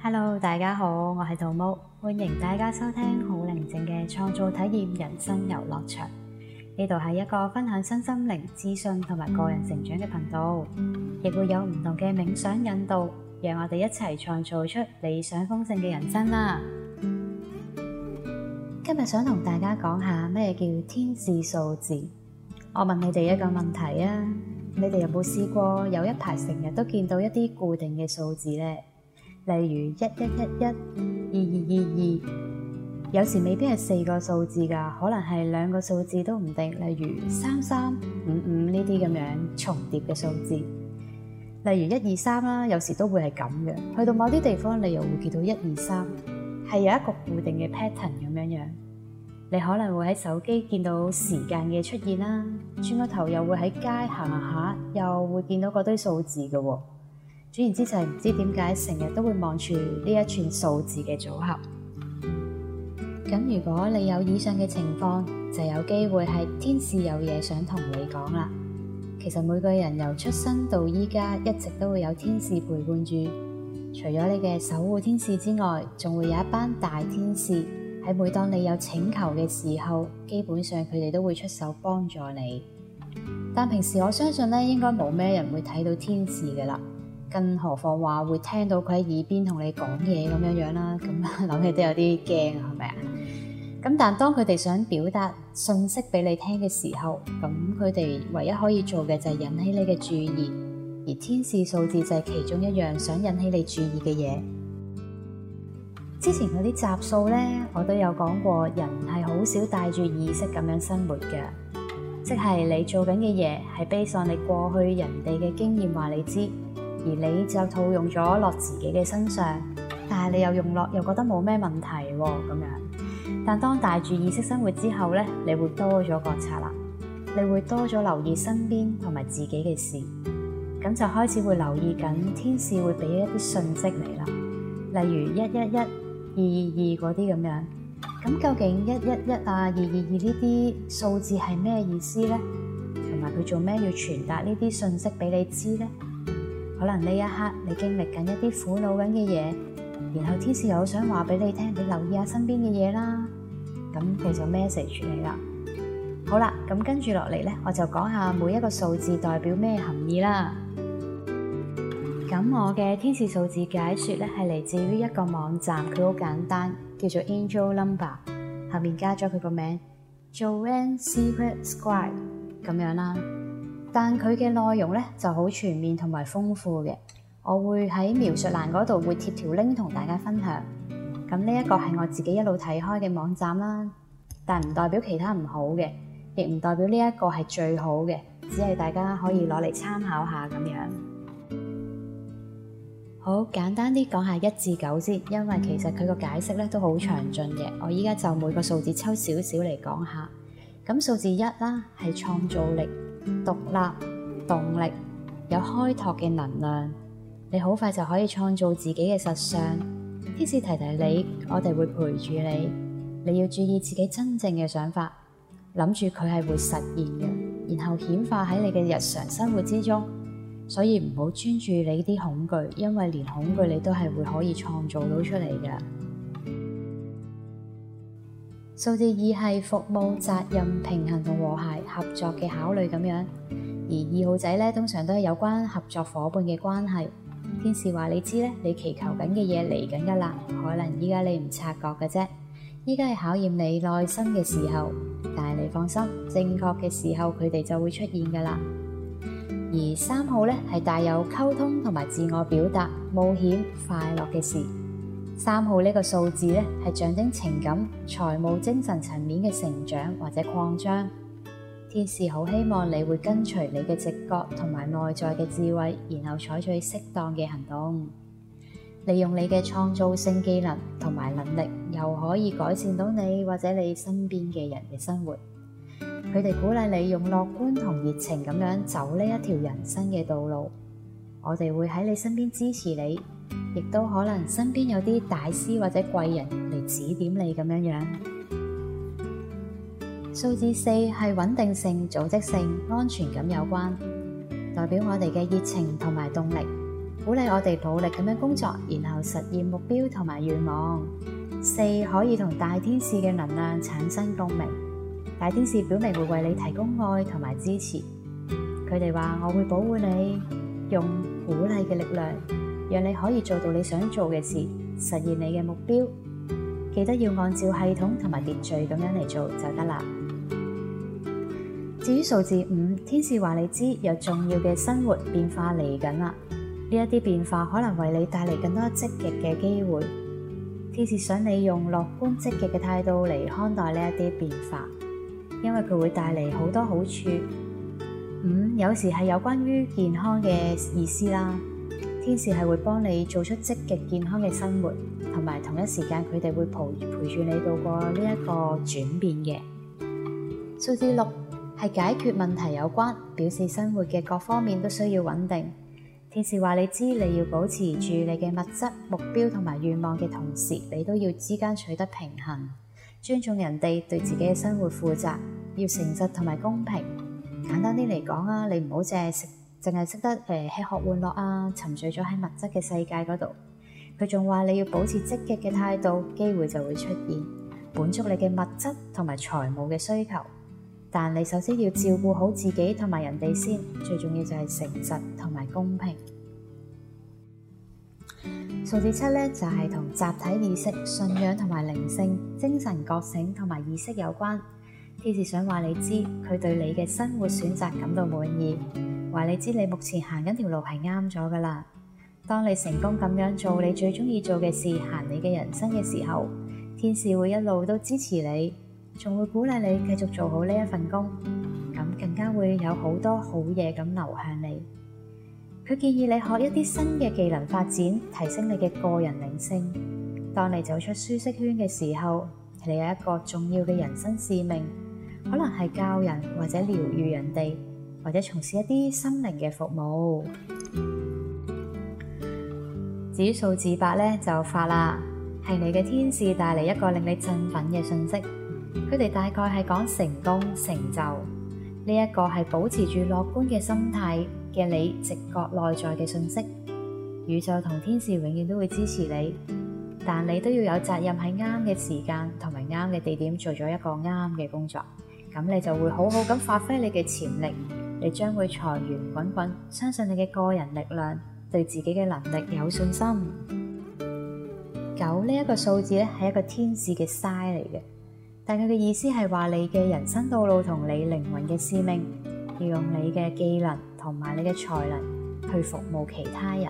Hello，大家好，我係杜牧，歡迎大家收聽好寧靜嘅創造體驗人生遊樂場。呢度係一個分享身心靈、資訊同埋個人成長嘅頻道，亦會有唔同嘅冥想引導，讓我哋一齊創造出理想豐盛嘅人生啦。今日想同大家講下咩叫天使數字。我問你哋一個問題啊，你哋有冇試過有一排成日都見到一啲固定嘅數字咧？例如一一一一二二二二，有時未必係四個數字噶，可能係兩個數字都唔定。例如三三五五呢啲咁樣重疊嘅數字，例如一二三啦，有時都會係咁嘅。去到某啲地方，你又會見到一二三，係有一個固定嘅 pattern 咁樣樣。你可能會喺手機見到時間嘅出現啦，轉個頭又會喺街行下，又會見到嗰堆數字嘅喎。總之就係唔知點解成日都會望住呢一串數字嘅組合。咁如果你有以上嘅情況，就有機會係天使有嘢想同你講啦。其實每個人由出生到依家一直都會有天使陪伴住，除咗你嘅守護天使之外，仲會有一班大天使喺每當你有請求嘅時候，基本上佢哋都會出手幫助你。但平時我相信咧，應該冇咩人會睇到天使嘅啦。更何況話會聽到佢喺耳邊同你講嘢咁樣樣啦，咁諗起都有啲驚，係咪啊？咁但當佢哋想表達訊息俾你聽嘅時候，咁佢哋唯一可以做嘅就係引起你嘅注意，而天使數字就係其中一樣想引起你注意嘅嘢。之前嗰啲集數咧，我都有講過，人係好少帶住意識咁樣生活嘅，即係你做緊嘅嘢係 based on 你過去人哋嘅經驗話你知。而你就套用咗落自己嘅身上，但係你又用落又覺得冇咩問題哦，咁樣。但當帶住意識生活之後咧，你會多咗覺察啦，你會多咗留意身邊同埋自己嘅事，咁就開始會留意緊天使會俾一啲信息你啦，例如一一一二二二嗰啲咁樣。咁究竟一一一啊二二二呢啲數字係咩意思咧？同埋佢做咩要傳達呢啲信息俾你知咧？可能呢一刻你經歷緊一啲苦惱緊嘅嘢，然後天使又好想話俾你聽，你留意下身邊嘅嘢啦，咁佢就 message 住你啦。好啦，咁跟住落嚟咧，我就講下每一個數字代表咩含義啦。咁我嘅天使數字解說咧係嚟自於一個網站，佢好簡單，叫做 Angel Number，後面加咗佢個名 Joanne Sacred Scribes 咁樣啦。但佢嘅內容咧就好全面同埋豐富嘅，我會喺描述欄嗰度會貼條 link 同大家分享。咁呢一個係我自己一路睇開嘅網站啦，但唔代表其他唔好嘅，亦唔代表呢一個係最好嘅，只係大家可以攞嚟參考下咁樣。好簡單啲講下一至九先，因為其實佢個解釋咧都好詳盡嘅。我依家就每個數字抽少少嚟講下。咁數字一啦，係創造力。獨立、動力有開拓嘅能量，你好快就可以創造自己嘅實相。天使提提你，我哋會陪住你。你要注意自己真正嘅想法，諗住佢係會實現嘅，然後顯化喺你嘅日常生活之中。所以唔好專注你啲恐懼，因為連恐懼你都係會可以創造到出嚟嘅。數字二係服務責任平衡同和諧合作嘅考慮咁樣，而二號仔咧通常都係有關合作伙伴嘅關係。天使話你知咧，你祈求緊嘅嘢嚟緊噶啦，可能依家你唔察覺嘅啫。依家係考驗你內心嘅時候，但係你放心，正確嘅時候佢哋就會出現噶啦。而三號咧係帶有溝通同埋自我表達、冒險、快樂嘅事。三號個數呢個數字咧，係象徵情感、財務、精神層面嘅成長或者擴張。天使好希望你會跟隨你嘅直覺同埋內在嘅智慧，然後採取適當嘅行動，利用你嘅創造性技能同埋能力，又可以改善到你或者你身邊嘅人嘅生活。佢哋鼓勵你用樂觀同熱情咁樣走呢一條人生嘅道路。我哋會喺你身邊支持你。亦都可能身邊有啲大師或者貴人嚟指點你咁樣樣。數字四係穩定性、組織性、安全感有關，代表我哋嘅熱情同埋動力，鼓勵我哋努力咁樣工作，然後實現目標同埋願望。四可以同大天使嘅能量產生共鳴，大天使表明會為你提供愛同埋支持。佢哋話我會保護你，用鼓勵嘅力量。讓你可以做到你想做嘅事，實現你嘅目標。記得要按照系統同埋秩序咁樣嚟做就得啦。至於數字五，天使話你知有重要嘅生活變化嚟緊啦。呢一啲變化可能為你帶嚟更多積極嘅機會。天使想你用樂觀積極嘅態度嚟看待呢一啲變化，因為佢會帶嚟好多好處。五，有時係有關於健康嘅意思啦。天使係會幫你做出積極健康嘅生活，同埋同一時間佢哋會陪陪住你度過呢一個轉變嘅。數字六係解決問題有關，表示生活嘅各方面都需要穩定。天使話你知，你要保持住你嘅物質、目標同埋願望嘅同時，你都要之間取得平衡，尊重人哋對自己嘅生活負責，要誠實同埋公平。簡單啲嚟講啊，你唔好借食。淨係識得誒、呃、吃喝玩樂啊，沉醉咗喺物質嘅世界嗰度。佢仲話你要保持積極嘅態度，機會就會出現，滿足你嘅物質同埋財務嘅需求。但你首先要照顧好自己同埋人哋先，最重要就係誠實同埋公平。數字七咧就係、是、同集體意識、信仰同埋靈性、精神覺醒同埋意識有關。天使想話你知佢對你嘅生活選擇感到滿意。話你知，你目前行緊條路係啱咗噶啦。當你成功咁樣做你最中意做嘅事，行你嘅人生嘅時候，天使會一路都支持你，仲會鼓勵你繼續做好呢一份工，咁更加會有好多好嘢，咁流向你。佢建議你學一啲新嘅技能發展，提升你嘅個人靈性。當你走出舒適圈嘅時候，你有一個重要嘅人生使命，可能係教人或者療愈人哋。或者從事一啲心靈嘅服務數白。至於數字八咧，就發啦，係你嘅天使帶嚟一個令你振奮嘅訊息。佢哋大概係講成功成就呢一，這個係保持住樂觀嘅心態嘅你直覺內在嘅訊息。宇宙同天使永遠都會支持你，但你都要有責任喺啱嘅時間同埋啱嘅地點做咗一個啱嘅工作，咁你就會好好咁發揮你嘅潛力。你將會財源滾滾，相信你嘅個人力量，對自己嘅能力有信心。九呢一個數字咧係一個天使嘅 sign 嚟嘅，但佢嘅意思係話你嘅人生道路同你靈魂嘅使命要用你嘅技能同埋你嘅才能去服務其他人。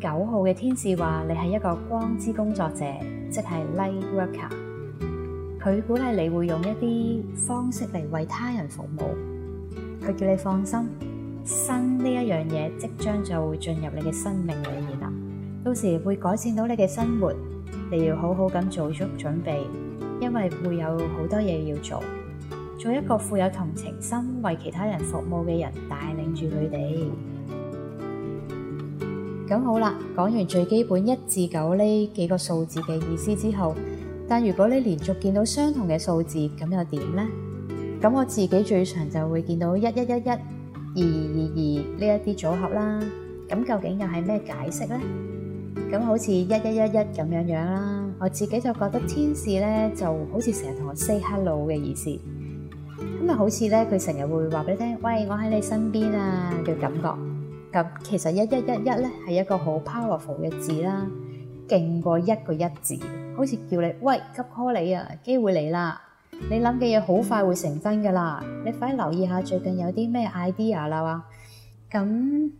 九號嘅天使話你係一個光之工作者，即係 light worker。佢鼓勵你會用一啲方式嚟為他人服務。佢叫你放心，新呢一樣嘢，即將就會進入你嘅生命裏面啦。到時會改善到你嘅生活，你要好好咁做足準備，因為會有好多嘢要做。做一個富有同情心、為其他人服務嘅人，帶領住佢哋。咁好啦，講完最基本一至九呢幾個數字嘅意思之後，但如果你連續見到相同嘅數字，咁又點呢？咁我自己最常就會見到一一一一二二二二呢一啲組合啦。咁究竟又係咩解釋咧？咁好似一一一一咁樣樣啦，我自己就覺得天使咧就好似成日同我 say hello 嘅意思。咁啊，好似咧佢成日會話俾你聽，喂，我喺你身邊啊嘅感覺。咁其實一一一一咧係一個好 powerful 嘅字啦，勁過一個一字，好似叫你喂急 call 你啊，機會嚟啦。你諗嘅嘢好快會成真噶啦，你快留意下最近有啲咩 idea 啦。咁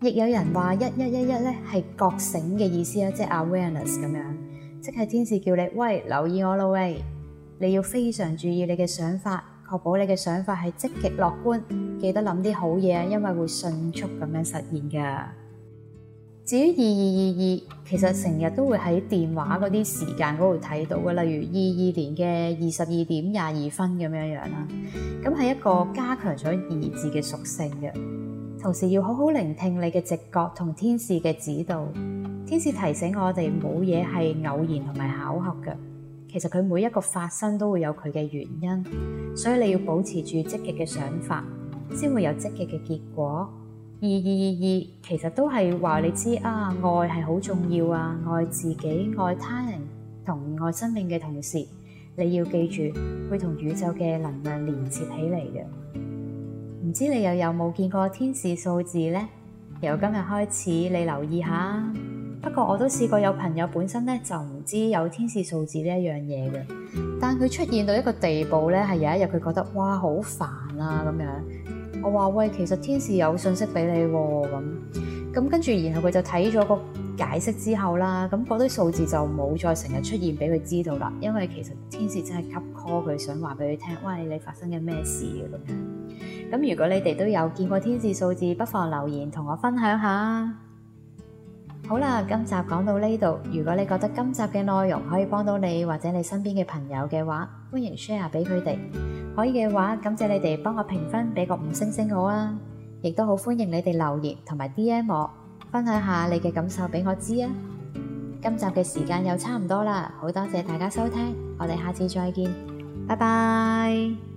亦有人話一一一一咧係覺醒嘅意思啊，即係 awareness 咁樣，即係天使叫你喂留意我咯，喂你要非常注意你嘅想法，確保你嘅想法係積極樂觀，記得諗啲好嘢，因為會迅速咁樣實現噶。至於二二二二，其實成日都會喺電話嗰啲時間嗰度睇到嘅，例如二二年嘅二十二點廿二分咁樣樣啦。咁係一個加強咗二字嘅屬性嘅，同時要好好聆聽你嘅直覺同天使嘅指導。天使提醒我哋冇嘢係偶然同埋巧合嘅，其實佢每一個發生都會有佢嘅原因，所以你要保持住積極嘅想法，先會有積極嘅結果。二二二二其實都係話你知啊，愛係好重要啊，愛自己、愛他人同愛生命嘅同時，你要記住會同宇宙嘅能量連接起嚟嘅。唔知你又有冇見過天使數字呢？由今日開始，你留意下。不過我都試過有朋友本身咧就唔知有天使數字呢一樣嘢嘅，但佢出現到一個地步咧，係有一日佢覺得哇，好煩啊咁樣。我話喂，其實天使有信息俾你喎。哦，咁咁跟住，然後佢就睇咗個解釋之後啦，咁嗰堆數字就冇再成日出現俾佢知道啦，因為其實天使真係急 call 佢想話俾佢聽，喂，你發生緊咩事咁樣。咁如果你哋都有見過天使數字，不妨留言同我分享下。好啦，今集講到呢度。如果你覺得今集嘅內容可以幫到你或者你身邊嘅朋友嘅話，歡迎 share 俾佢哋。可以嘅話，感謝你哋幫我評分，俾個五星星我啊。亦都好歡迎你哋留言同埋 DM 我，分享下你嘅感受俾我知啊。今集嘅時間又差唔多啦，好多謝大家收聽，我哋下次再見，拜拜。